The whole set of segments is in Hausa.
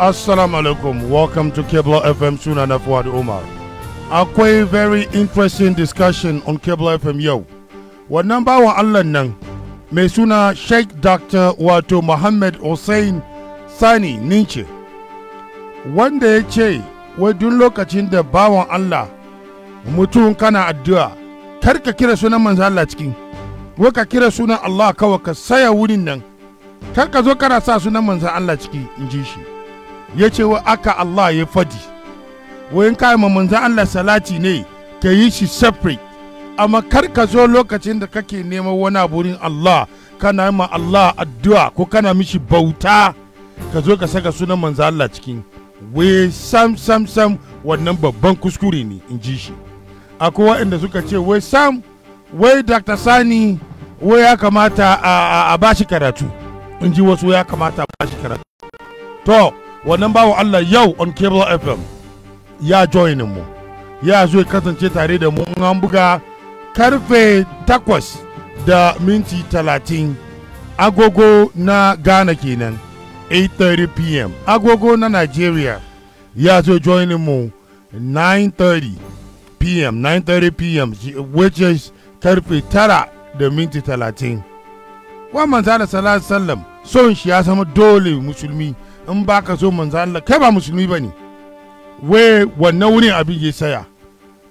Assalamu alaikum. Welcome to Kebla FM Suna na Fuad Umar. Akwai very interesting discussion on Kebla FM yau. Wannan bawan Allah nan mai suna Sheikh Dr. wato Muhammad Hussein Sani Nince. Wanda ya ce wai duk lokacin da bawan Allah mutum kana addu'a kar ka kira sunan manzo Allah cikin wai ka kira sunan Allah kawai ka saya wurin nan kar ka zo kana sa sunan manzo Allah ciki in ji shi. ya ce wa aka Allah ya fadi wayan kai ma manzan Allah salati ne ka yi shi separate amma kar ka zo lokacin da kake neman wani aburin Allah kana ma Allah addu'a ko kana mishi bauta ka zo ka saka sunan manza Allah cikin we sam sam sam wannan babban kuskure ne in ji shi akwai waɗanda suka ce wai sam wai dr sani wai ya kamata a, a bashi karatu in ji wasu ya kamata a bashi karatu to wannan bawan Allah yau on cable fm ya joinin mu ya zo kasance tare da mu an buga karfe takwas da minti talatin agogo na ghana kenan 8:30 pm agogo na nigeria ya zo joinin mu 9:30 pm 9:30 pm which is karfe tara da minti talatin wa manzana sallallahu alaihi wasallam son shi ya zama dole musulmi in ba ka so manzo Allah kai ba musulmi ba ne wai wannan wurin abin ya saya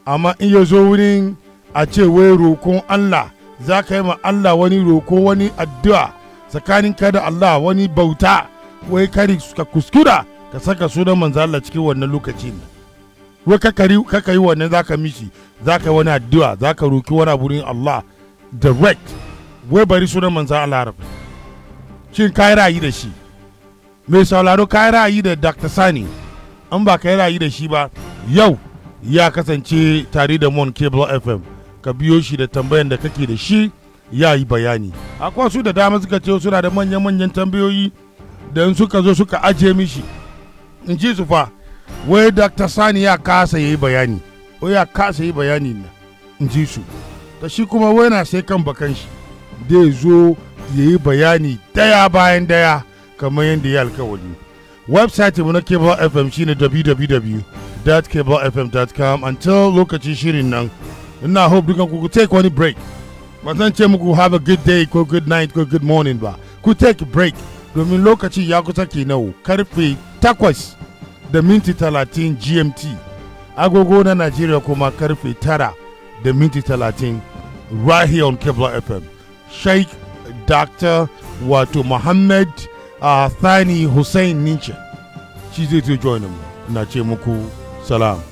amma in ya zo wurin a ce wai rokon Allah za ka yi ma Allah wani roko wani addu'a tsakanin ka da Allah wani bauta wai kari ka kuskura ka saka sunan manzo Allah cikin wannan lokacin wai ka yi wannan za ka mishi za ka yi wani addu'a za ka roki wani abu Allah direct wai bari sunan manzo Allah rabu shin ka yi ra'ayi da shi mai sauraro ka yi ra'ayi da dr sani an ba ka yi ra'ayi da shi ba yau ya kasance tare da mon cable fm ka biyo shi da tambayan da kake da shi ya yi bayani akwai su da dama suka ce suna da manyan-manyan tambayoyi da in suka zo suka ajiye mishi in ji su fa wai dr sani ya kasa yi bayani wai ya kasa yi bayani na in ji su ta shi kuma wai na sai kan bakan shi dai zo ya yi bayani daya bayan daya kamar yadda ya alkawari website mu na cable fm shine www.cablefm.com until lokacin shirin nan ina hope dukan ku take wani break ba zan ce muku have a good day ko good night ko good morning ba ku take break domin lokaci ya kusa ke kenan karfe takwas da minti talatin gmt agogo na najeriya kuma karfe tara da minti talatin right here on cable fm Shake dr wato muhammad uh, ah, thani hussein nince shi zai zo join mu na ce muku salam